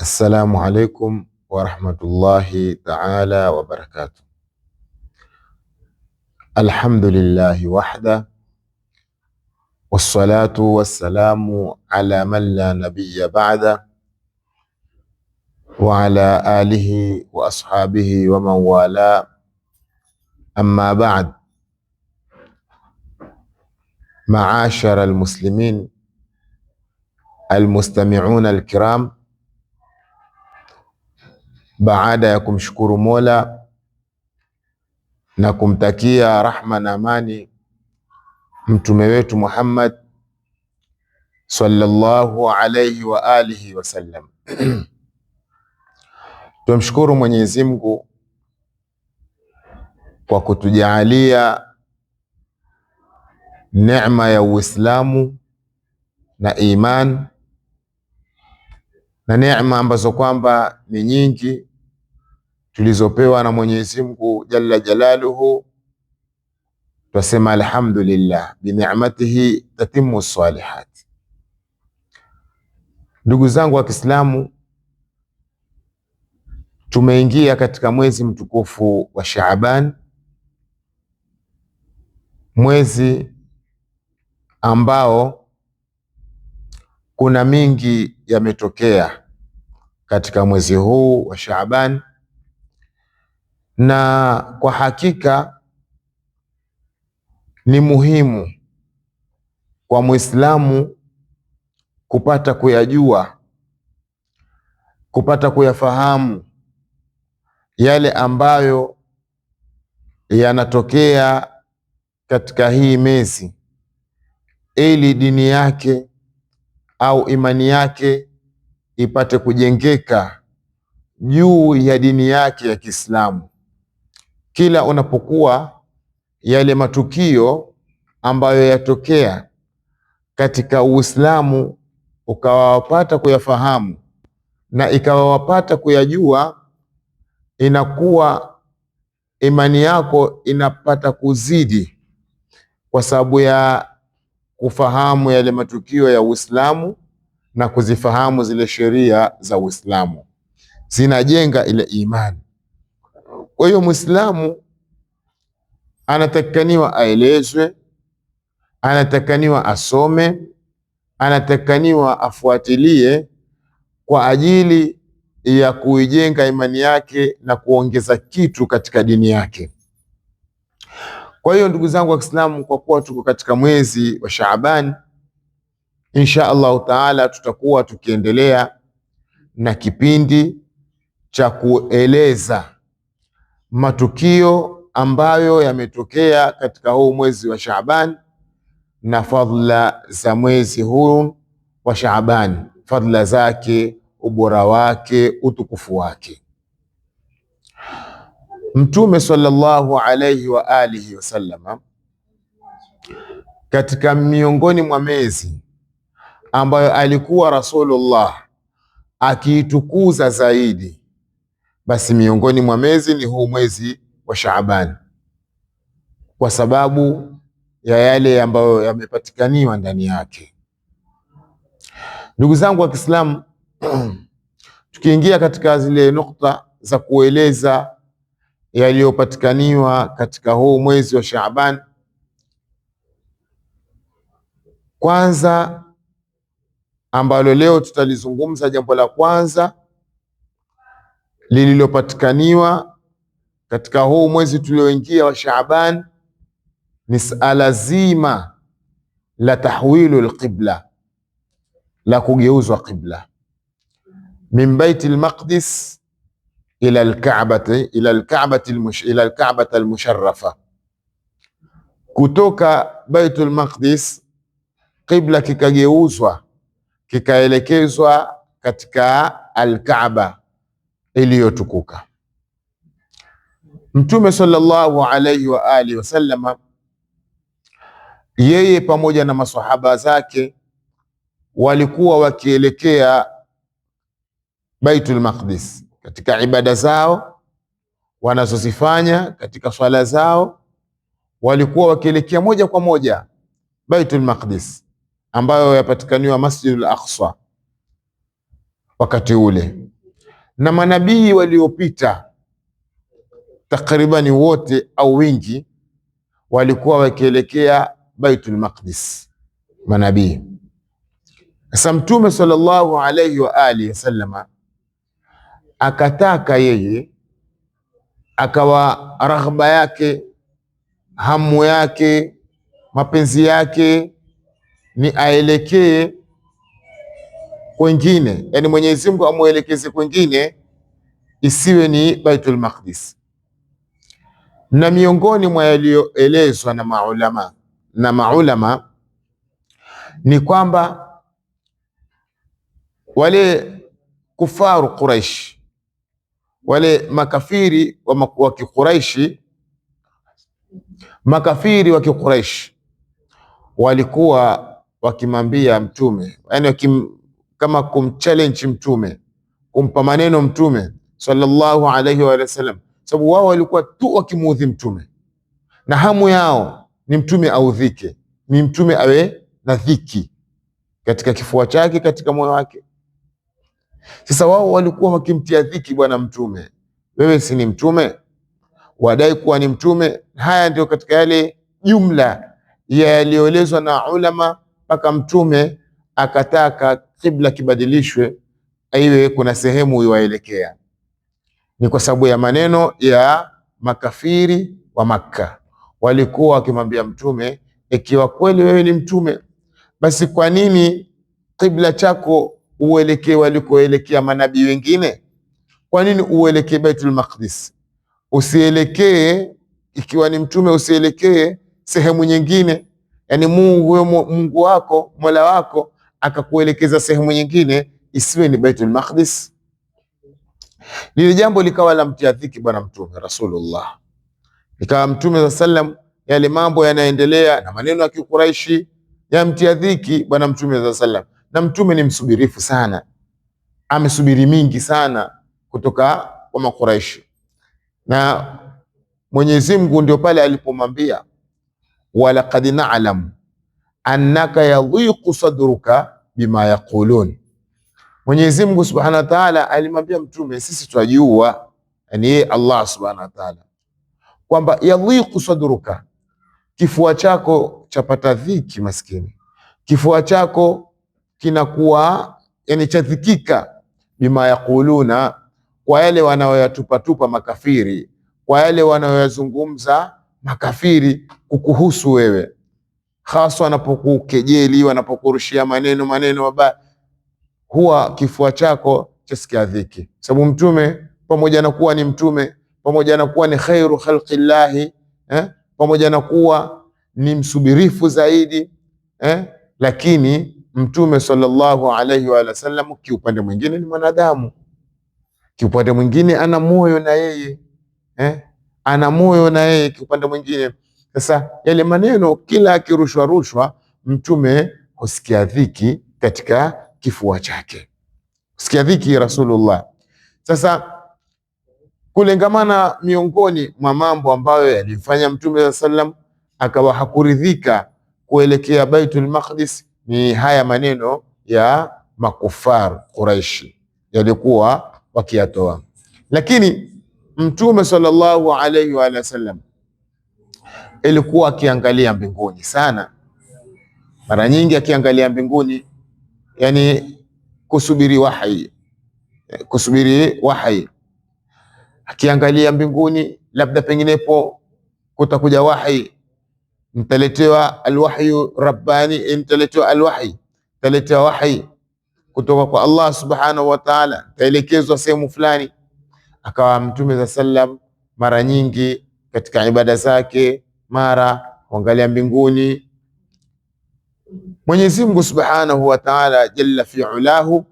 السلام عليكم ورحمة الله تعالى وبركاته الحمد لله وحده والصلاة والسلام على من لا نبي بعد وعلى آله وأصحابه ومن والاه أما بعد معاشر المسلمين المستمعون الكرام baada ya kumshukuru Mola na kumtakia rahma na amani mtume wetu Muhammad sallallahu alayhi wa alihi wasallam. Tumshukuru Mwenyezi Mungu kwa kutujaalia neema ya Uislamu na iman na neema ambazo kwamba ni nyingi tulizopewa na Mwenyezi Mungu jalla jalaluhu, twasema alhamdulillah ni'matihi tatimmu salihat. Ndugu zangu wa Kiislamu, tumeingia katika mwezi mtukufu wa Shaaban, mwezi ambao kuna mingi yametokea katika mwezi huu wa Shaaban na kwa hakika ni muhimu kwa Muislamu kupata kuyajua, kupata kuyafahamu yale ambayo yanatokea katika hii mezi, ili dini yake au imani yake ipate kujengeka juu ya dini yake ya Kiislamu kila unapokuwa yale matukio ambayo yatokea katika Uislamu ukawawapata kuyafahamu na ikawawapata kuyajua, inakuwa imani yako inapata kuzidi kwa sababu ya kufahamu yale matukio ya Uislamu na kuzifahamu zile sheria za Uislamu, zinajenga ile imani. Kwa hiyo Muislamu anatakikaniwa aelezwe, anatakikaniwa asome, anatakikaniwa afuatilie kwa ajili ya kuijenga imani yake na kuongeza kitu katika dini yake. Kwa hiyo ndugu zangu wa Kiislamu, kwa kuwa tuko katika mwezi wa Shaaban, insha Allahu taala tutakuwa tukiendelea na kipindi cha kueleza matukio ambayo yametokea katika huu mwezi wa Shaaban na fadhila za mwezi huu wa Shaaban, fadhila zake, ubora wake, utukufu wake. Mtume sallallahu alaihi wa alihi wasallama, katika miongoni mwa mezi ambayo alikuwa Rasulullah akiitukuza zaidi basi miongoni mwa mezi ni huu mwezi wa Shaaban, kwa sababu ya yale ambayo yamepatikaniwa ndani yake. Ndugu zangu wa Kiislamu, tukiingia katika zile nukta za kueleza yaliyopatikaniwa katika huu mwezi wa Shaaban, kwanza ambalo leo tutalizungumza, jambo la kwanza lililopatikaniwa katika huu mwezi tulioingia wa Shaaban ni sala zima la tahwilu lqibla, la kugeuzwa qibla min baiti lmaqdis ila lkabati ila lkabati almusharafa, kutoka baitul lmaqdis qibla kikageuzwa kikaelekezwa katika Alkaaba iliyotukuka. Mtume sallallahu alaihi wa alihi wasallama, yeye pamoja na masahaba zake walikuwa wakielekea Baitul Maqdis katika ibada zao wanazozifanya, katika swala zao walikuwa wakielekea moja kwa moja Baitul Maqdis ambayo yapatikaniwa Masjidul Aqsa wakati ule na manabii waliopita takribani wote au wingi walikuwa wakielekea Baitul Maqdis, manabii. Sasa Mtume sallallahu alayhi wa alihi wasallama akataka yeye, akawa raghba yake, hamu yake, mapenzi yake ni aelekee kwengine, yani Mwenyezi Mungu amwelekeze kwengine isiwe ni Baitul Maqdis. Na miongoni mwa yaliyoelezwa na maulama na maulama ni kwamba wale kufaru Quraish, wale makafiri wa Kiquraishi, makafiri wa Kiquraishi walikuwa wakimwambia Mtume yani wakim kama kumchallenge mtume, kumpa maneno mtume sallallahu alayhi wa sallam, sababu wao walikuwa tu wakimuudhi mtume, na hamu yao ni mtume audhike, ni mtume awe na dhiki katika kifua chake, katika moyo wake. Sasa wao walikuwa wakimtia dhiki, bwana mtume, wewe si ni mtume, wadai kuwa ni mtume. Haya ndio katika yale jumla yaliyoelezwa na ulama mpaka mtume akataka kibla kibadilishwe, iwe kuna sehemu iwaelekea, ni kwa sababu ya maneno ya makafiri wa Makka. Walikuwa wakimwambia Mtume, ikiwa kweli wewe ni mtume, basi kwa nini kibla chako uelekee walikoelekea manabii wengine? Kwa nini uelekee Baitul Maqdis, usielekee ikiwa ni mtume, usielekee sehemu nyingine? Yani Mungu Mungu wako Mola wako akakuelekeza sehemu nyingine isiwe ni Baitul Maqdis. Lile jambo likawa la mtia dhiki bwana Mtume Rasulullah, ikawa Mtume sallam, yale mambo yanaendelea na maneno ya Kikuraishi ya mtia dhiki bwana Mtume sallam. Na Mtume ni msubirifu sana, amesubiri mingi sana kutoka kwa Makuraishi, na Mwenyezi Mungu ndio pale alipomwambia walaqad na'lam annaka yadhiqu sadruka bima yaqulun. Mwenyezi Mungu Subhanahu wa Ta'ala alimwambia mtume, sisi twajua yani yeye Allah Subhanahu wa Ta'ala kwamba yadhiqu sadruka, kifua chako chapata dhiki, maskini, kifua chako kinakuwa yani chadhikika, bima yaquluna, kwa yale wanayoyatupatupa makafiri, kwa yale wanayoyazungumza makafiri kukuhusu wewe haswa anapokukejeli, wanapokurushia maneno maneno mabaya, huwa kifua chako chasikia dhiki. Sababu mtume pamoja na kuwa ni mtume, pamoja na kuwa ni khairu khalqillahi eh, pamoja na kuwa ni msubirifu zaidi eh, lakini mtume sallallahu alaihi wa sallam kiupande mwingine ni mwanadamu, kiupande mwingine ana moyo na yeye eh, ana moyo na yeye kiupande mwingine sasa yale maneno kila akirushwa rushwa, mtume husikia dhiki katika kifua chake, husikia dhiki Rasulullah. Sasa kulengamana, miongoni mwa mambo ambayo yalimfanya mtume saa sallam akawa hakuridhika kuelekea Baitul Maqdis ni haya maneno ya makufar Quraishi yalikuwa wakiyatoa, lakini mtume sallallahu alaihi wa sallam ilikuwa akiangalia mbinguni sana, mara nyingi akiangalia mbinguni, yani kusubiri wahi, kusubiri wahi, akiangalia mbinguni, labda penginepo kutakuja wahi, mtaletewa alwahyu rabbani, mtaletewa alwahi, mtaletewa wahi kutoka kwa Allah subhanahu wa ta'ala, taelekezwa sehemu fulani. Akawa mtume za sallam mara nyingi katika ibada zake mara kuangalia mbinguni. Mwenyezi Mungu Subhanahu wa Ta'ala jalla fi ulahu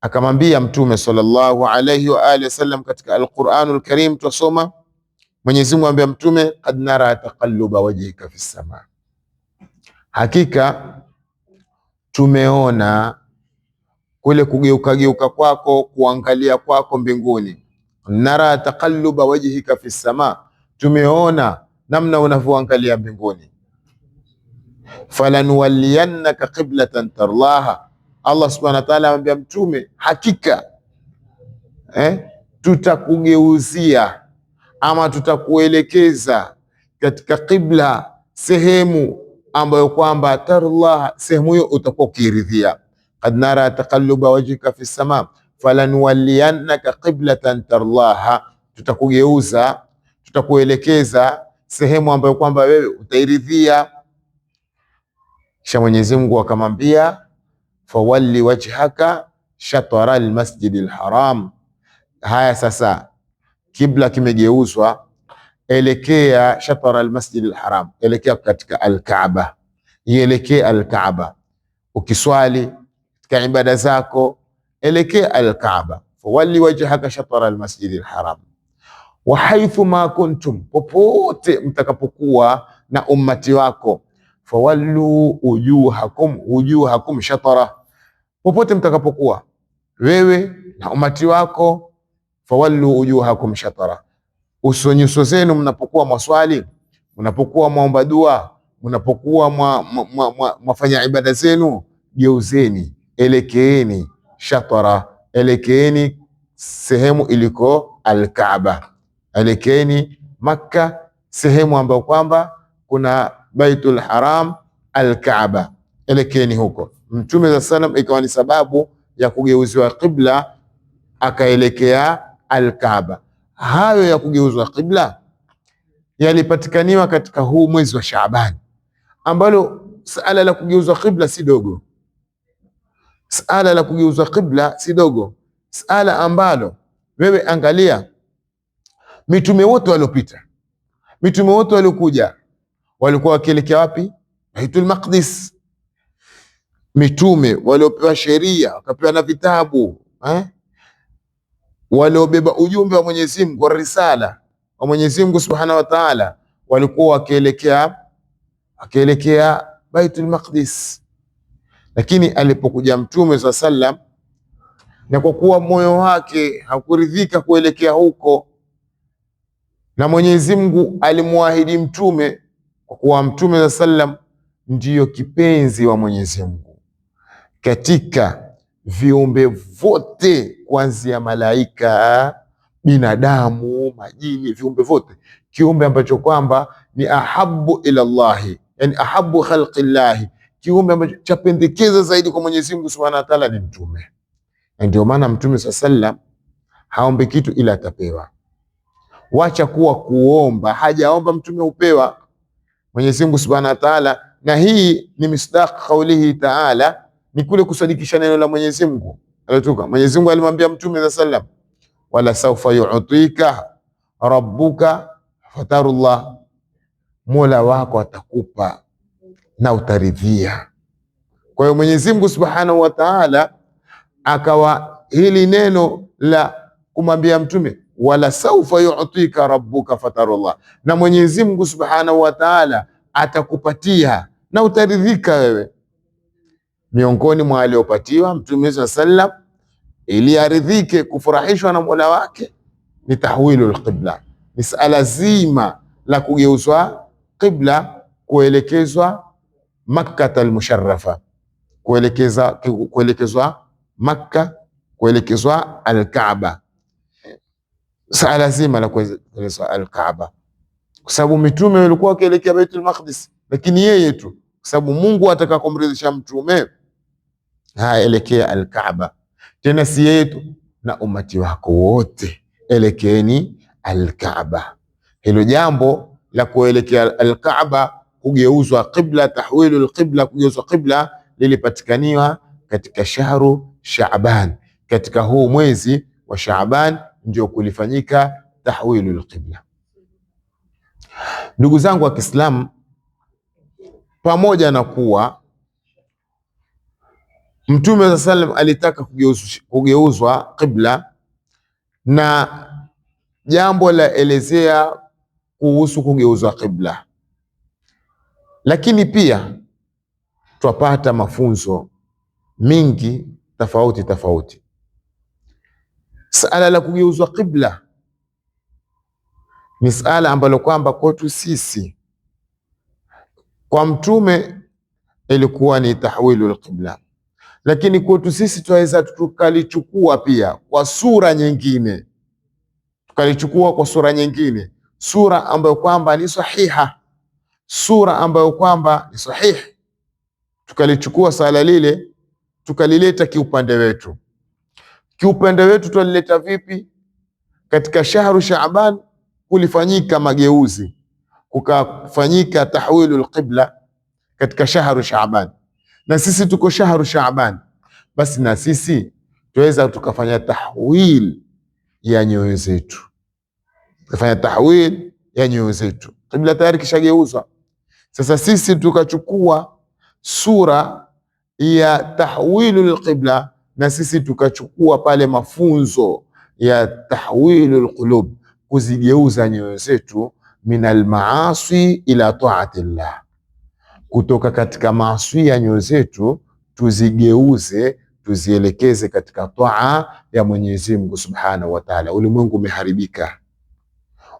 akamwambia Mtume sallallahu alayhi wa alihi wasallam katika Al-Qur'anul Karim, twasoma Mwenyezi Mungu amwambia Mtume, qad nara taqalluba wajhika fi sama, hakika tumeona kule kugeuka geuka kwako kuangalia kwako mbinguni. Nara taqalluba wajhika fi sama, tumeona namna unavyoangalia mbinguni. Falanuwalliyannaka qiblatan tarlaha, Allah subhanahu wa ta'ala amwambia Mtume, hakika eh, tutakugeuzia ama tutakuelekeza katika qibla, sehemu ambayo kwamba tarlaha, sehemu hiyo utakuwa ukiridhia. Qad nara taqalluba wajhika fi sama falanuwalliyannaka qiblatan tarlaha, tutakugeuza tutakuelekeza sehemu ambayo kwamba wewe utairidhia. Kisha Mwenyezi Mungu akamwambia fawalli wajhaka shatara almasjidi alharam. Haya, sasa kibla kimegeuzwa, elekea shatara almasjidi alharam, elekea katika alkaaba, ielekee alkaaba. Ukiswali katika ibada zako, elekea alkaaba. Fawalli wajhaka shatara almasjidi alharam wa haithu ma kuntum, popote mtakapokuwa na ummati wako. Fawallu ujuhakum ujuhakum shatara, popote mtakapokuwa wewe na ummati wako. Fawallu ujuhakum shatara, uso nyuso zenu mnapokuwa mwaswali, mnapokuwa mwaomba dua, mnapokuwa mwafanya ibada zenu, geuzeni, elekeeni shatara, elekeeni sehemu iliko Alkaaba. Elekeeni Makka, sehemu ambayo kwamba kuna Baitul Haram Alkaaba, elekeni huko. Mtume saa salam ikawa ni sababu ya kugeuziwa qibla, akaelekea Alkaaba. Hayo ya kugeuzwa qibla yalipatikaniwa katika huu mwezi wa Shaabani, ambalo sala la kugeuzwa qibla si dogo, sala la kugeuzwa qibla si dogo, sala ambalo wewe angalia mitume wote waliopita, mitume wote waliokuja walikuwa wakielekea wapi? Baitul Maqdis. Mitume waliopewa sheria wakapewa na vitabu eh? waliobeba ujumbe wa Mwenyezi Mungu, risala wa Mwenyezi Mungu Subhanahu wa Ta'ala, walikuwa wakielekea wakielekea Baitul Maqdis. Lakini alipokuja mtume swalla sallam, na kwa kuwa moyo wake hakuridhika kuelekea huko na Mwenyezi Mungu alimwahidi mtume kwa kuwa mtume saa sallam ndiyo kipenzi wa Mwenyezi Mungu katika viumbe vote, kuanzia malaika, binadamu, majini, viumbe vote, kiumbe ambacho kwamba ni ahabu ila llahi, yani ahabu khalqi kiumbe ambacho chapendekeza zaidi kwa Mwenyezi Mungu subhanahu wa taala ni mtume. Ndio maana mtume saa sallam haombi kitu ila atapewa wacha kuwa kuomba. Hajaomba mtume upewa Mwenyezi Mungu Subhanahu wa Ta'ala, na hii ni misdaq kaulihi ta'ala, ni kule kusadikisha neno la Mwenyezi Mungu alotuka. Mwenyezi Mungu alimwambia mtume za sallam, wala saufa yu'tika rabbuka fatarullah, Mola wako atakupa na utaridhia. Kwa hiyo Mwenyezi Mungu Subhanahu wa Ta'ala akawa hili neno la kumwambia mtume wala saufa yu'tika rabbuka fatarullah, na Mwenyezi Mungu Subhanahu wa Ta'ala atakupatia na utaridhika wewe. Miongoni mwa aliopatiwa Mtume Muhammad sallam ili aridhike kufurahishwa na Mola wake ni tahwilul qibla, ni sala zima la kugeuzwa qibla, kuelekezwa makkata al-musharrafa, kuelekeza kuelekezwa makka kuelekezwa al-Kaaba sala zima la kuelekea al-Kaaba, kwa sababu mitume walikuwa wakielekea Baitul Maqdis, lakini yeye tu, kwa sababu Mungu ataka kumridhisha mtume haelekea al-Kaaba. Tena si yeye tu, na umati wako wote elekeeni al-Kaaba. Hilo jambo la kuelekea al-Kaaba, kugeuzwa qibla, tahwilu al-qibla, kugeuzwa qibla, lilipatikaniwa katika shahru Shaaban, katika huu mwezi wa Shaaban ndio kulifanyika tahwilu lqibla. Ndugu zangu wa Kiislamu, pamoja na kuwa Mtume wa sallam alitaka kugeuzwa qibla, na jambo la elezea kuhusu kugeuzwa qibla, lakini pia twapata mafunzo mingi tofauti tofauti. Sala la kugeuzwa qibla ni sala ambalo kwamba kwetu sisi, kwa Mtume ilikuwa ni tahwilu lqibla, lakini kwetu sisi tunaweza tukalichukua pia kwa sura nyingine, tukalichukua kwa sura nyingine, sura ambayo kwamba ni sahiha, sura ambayo kwamba ni sahihi, tukalichukua sala lile tukalileta kiupande wetu Kiupendo wetu twalileta vipi? Katika shahru Shaaban kulifanyika mageuzi, kukafanyika tahwilul qibla katika shahru Shaaban, na sisi tuko shahru Shaaban, basi na sisi tuweza tukafanya tahwil ya nyoyo zetu, tukafanya tahwil ya nyoyo zetu. Qibla tayari kishageuzwa, sasa sisi tukachukua sura ya tahwilul qibla na sisi tukachukua pale mafunzo ya tahwilu lqulub kuzigeuza nyoyo zetu min almaasi ila taati llah, kutoka katika maasi ya nyoyo zetu tuzigeuze tuzielekeze katika taa ya Mwenyezi Mungu Subhanahu wa Ta'ala. Ulimwengu umeharibika,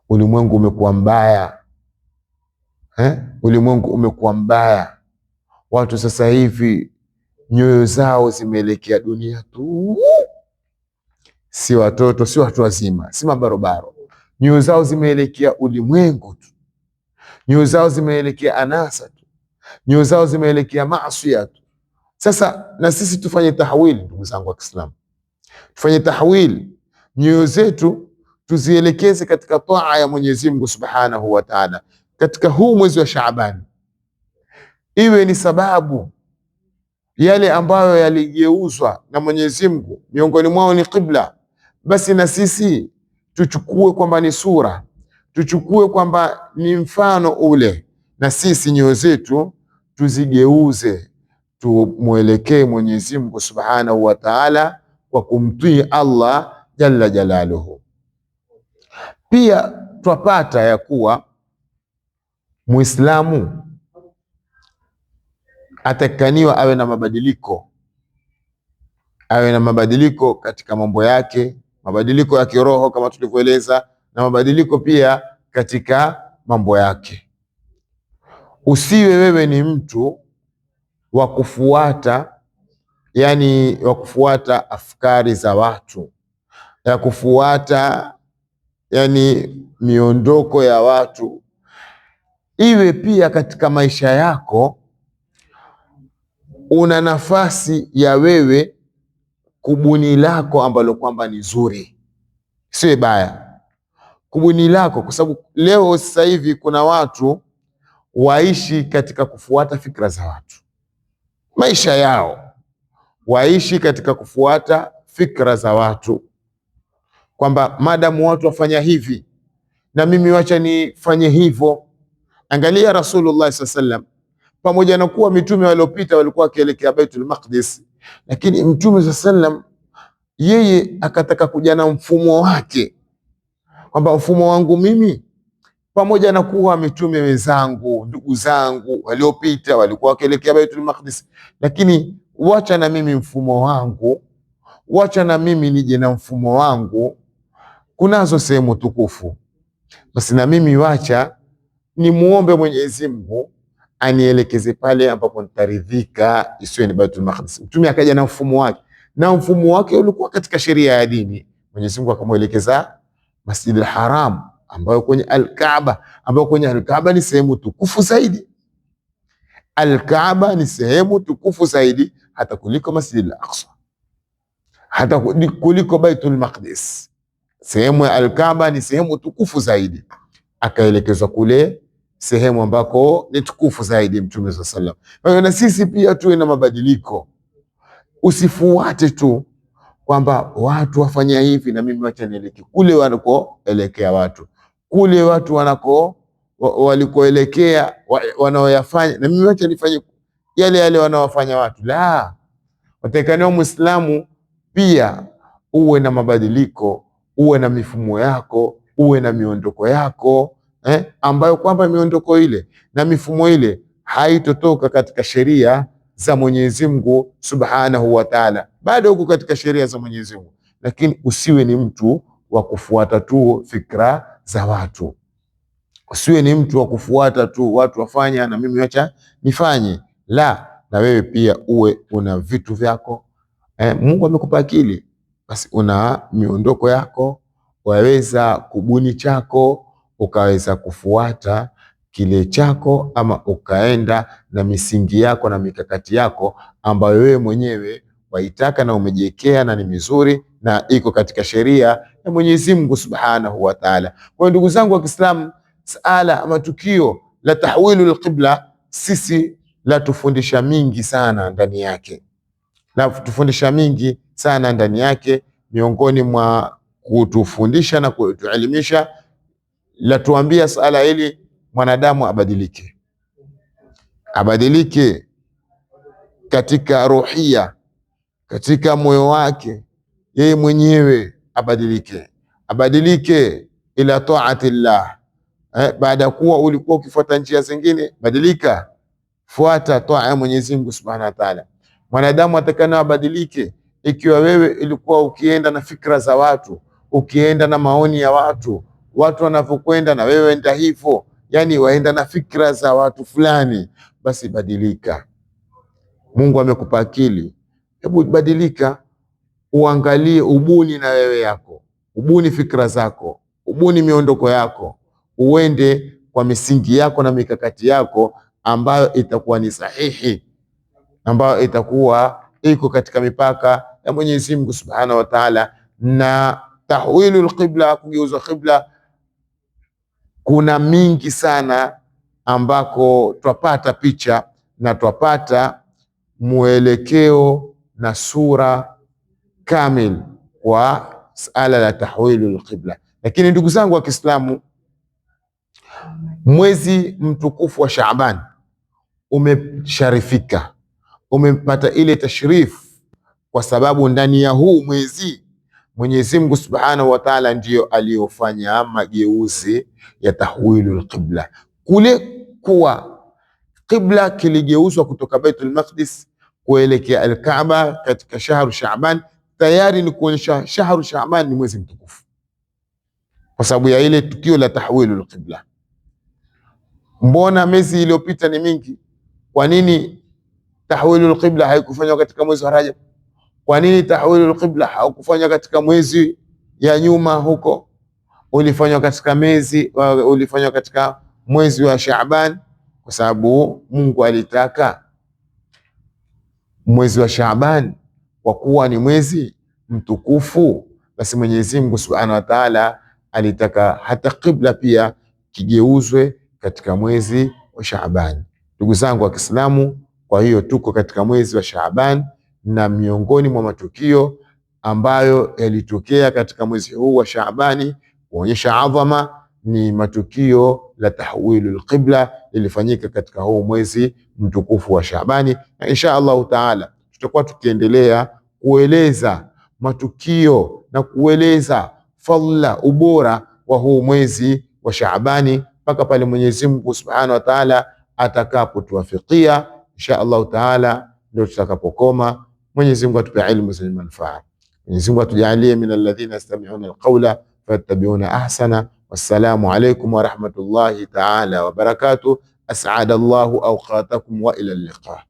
ulimwengu umekuwa mbaya eh? Ulimwengu umekuwa mbaya, watu sasa hivi nyoyo zao zimeelekea dunia tu, si watoto, si watu wazima, si mabarobaro. Nyoyo zao zimeelekea ulimwengu tu, nyoyo zao zimeelekea anasa tu, nyoyo zao zimeelekea maasia tu. Sasa na sisi tufanye tahawili, ndugu zangu wa Kiislamu, tufanye tahawili, nyoyo zetu tuzielekeze katika taa ya Mwenyezi Mungu Subhanahu wa Ta'ala, katika huu mwezi wa Shaaban iwe ni sababu yale ambayo yaligeuzwa na Mwenyezi Mungu, miongoni mwao ni qibla. Basi na sisi tuchukue kwamba ni sura, tuchukue kwamba ni mfano ule, na sisi nyoyo zetu tuzigeuze, tumwelekee Mwenyezi Mungu Subhanahu wa Ta'ala kwa kumtii Allah jalla jalaluhu. Pia twapata ya kuwa Muislamu atakikaniwa awe na mabadiliko, awe na mabadiliko katika mambo yake, mabadiliko ya kiroho kama tulivyoeleza, na mabadiliko pia katika mambo yake. Usiwe wewe ni mtu wa kufuata, yani wa kufuata afkari za watu, ya kufuata yani miondoko ya watu. Iwe pia katika maisha yako una nafasi ya wewe kubuni lako ambalo kwamba ni zuri, sio baya. Kubuni lako, kwa sababu leo sasa hivi kuna watu waishi katika kufuata fikra za watu, maisha yao waishi katika kufuata fikra za watu, kwamba madamu watu wafanya hivi na mimi wacha nifanye hivyo. Angalia Rasulullah sallallahu alaihi wasallam pamoja na kuwa mitume waliopita walikuwa wakielekea Baitul Maqdis, lakini mtume sa sallam yeye akataka kuja na mfumo wake, kwamba mfumo wangu mimi, pamoja na kuwa mitume wenzangu, ndugu zangu waliopita walikuwa wakielekea Baitul Maqdis, lakini wacha na mimi mfumo wangu, wacha na mimi nije na mfumo wangu. Kunazo sehemu tukufu, basi na mimi wacha muombe Mwenyezi Mungu anielekeze pale ambapo nitaridhika, isiwe ni Baitul Maqdis. Mtume akaja na mfumo wake, na mfumo wake ulikuwa katika sheria ya dini. Mwenyezi Mungu akamwelekeza al Haram, ambayo kwenye Al-Kaaba, ambayo kwenye Al-Kaaba ni sehemu tukufu zaidi. Al-Kaaba ni sehemu tukufu zaidi hata kuliko Masjid al Aqsa, hata kuliko Baitul Maqdis. Sehemu ya Al-Kaaba ni sehemu tukufu zaidi, akaelekezwa kule sehemu ambako ni tukufu zaidi Mtume saa salam. Kwa hiyo na sisi pia tuwe na mabadiliko, usifuate tu kwamba watu wafanya hivi na mimi wacha nieleke kule wanakoelekea watu, kule watu wanako walikoelekea wanaoyafanya, na mimi wacha nifanye yale yale wanaowafanya watu. La, watakaniwa Mwislamu pia uwe na mabadiliko, uwe na mifumo yako, uwe na miondoko yako eh, ambayo kwamba miondoko ile na mifumo ile haitotoka katika sheria za Mwenyezi Mungu Subhanahu wa Ta'ala, bado huko katika sheria za Mwenyezi Mungu, lakini usiwe ni mtu wa kufuata tu fikra za watu, usiwe ni mtu wa kufuata tu watu wafanya na mimi wacha nifanye. La, na wewe pia uwe una vitu vyako eh, Mungu amekupa akili, basi una miondoko yako, waweza kubuni chako ukaweza kufuata kile chako ama ukaenda na misingi yako na mikakati yako ambayo wewe mwenyewe waitaka na umejiwekea na ni mizuri na iko katika sheria ya Mwenyezi Mungu Subhanahu wa Ta'ala. Kwa hiyo ndugu zangu wa Kiislamu, sala ama tukio la tahwilu qibla sisi la tufundisha mingi sana ndani yake, tufundisha mingi sana ndani yake, miongoni mwa kutufundisha na kutuelimisha latuambia sala ili mwanadamu abadilike, abadilike katika ruhia, katika moyo wake yeye mwenyewe abadilike, abadilike ila llah. eh, baada ya kuwa ulikuwa ukifuata njia zingine, badilika, fuata taa ya Mwenyezi Mungu Subhanahu wa Ta'ala. Mwanadamu atakana abadilike. Ikiwa wewe ilikuwa ukienda na fikra za watu, ukienda na maoni ya watu watu wanavyokwenda, na wewe enda hivyo, yani waenda na fikra za watu fulani. Basi badilika. Mungu amekupa akili, hebu badilika, uangalie, ubuni na wewe yako, ubuni fikra zako, ubuni miondoko yako, uende kwa misingi yako na mikakati yako ambayo itakuwa ni sahihi, ambayo itakuwa iko katika mipaka ya Mwenyezi Mungu Subhanahu wa Ta'ala, na tahwilu lqibla kugeuza qibla kuna mingi sana ambako twapata picha na twapata mwelekeo na sura kamil kwa sala la tahwili lqibla Lakini ndugu zangu wa Kiislamu, mwezi mtukufu wa Shaaban umesharifika, umepata ile tashrif, kwa sababu ndani ya huu mwezi Mwenyezi Mungu Subhanahu wa Ta'ala ndiyo aliyofanya mageuzi ya tahwilul qibla, kule kuwa qibla kiligeuzwa kutoka Baitul Maqdis kuelekea Al-Kaaba katika shahru Shaaban, tayari ni kuonyesha shahru Shaaban ni mwezi mtukufu, kwa sababu ya ile tukio la tahwilul qibla. Mbona miezi iliyopita ni mingi, kwa nini tahwilul qibla haikufanywa katika mwezi wa Rajab? Kwa nini tahwilul qibla haukufanywa katika mwezi ya nyuma huko, ulifanywa katika mwezi uh, ulifanywa katika mwezi wa Shaaban? Kwa sababu Mungu alitaka mwezi wa Shaaban, kwa kuwa ni mwezi mtukufu, basi Mwenyezi Mungu Subhanahu wa Ta'ala alitaka hata qibla pia kigeuzwe katika mwezi wa Shaaban. Ndugu zangu wa Kiislamu, kwa hiyo tuko katika mwezi wa Shaaban na miongoni mwa matukio ambayo yalitokea katika mwezi huu wa Shaabani kuonyesha adhama ni matukio la tahwilu lqibla lilifanyika katika huu mwezi mtukufu wa Shaabani, na insha Allahu taala tutakuwa tukiendelea kueleza matukio na kueleza fadhila, ubora wa huu mwezi wa Shaabani mpaka pale Mwenyezi Mungu Subhanahu wa Taala atakapotuwafikia insha Allahu taala ndio tutakapokoma. Mwenyezi Mungu atupe ilmu zenye manufaa. Mwenyezi Mungu atujalie min alladhina yastami'una alqawla fattabi'una ahsana. Wassalamu alaykum wa rahmatullahi ta'ala wa barakatuh. As'ada Allahu awqatakum wa ila al liqa.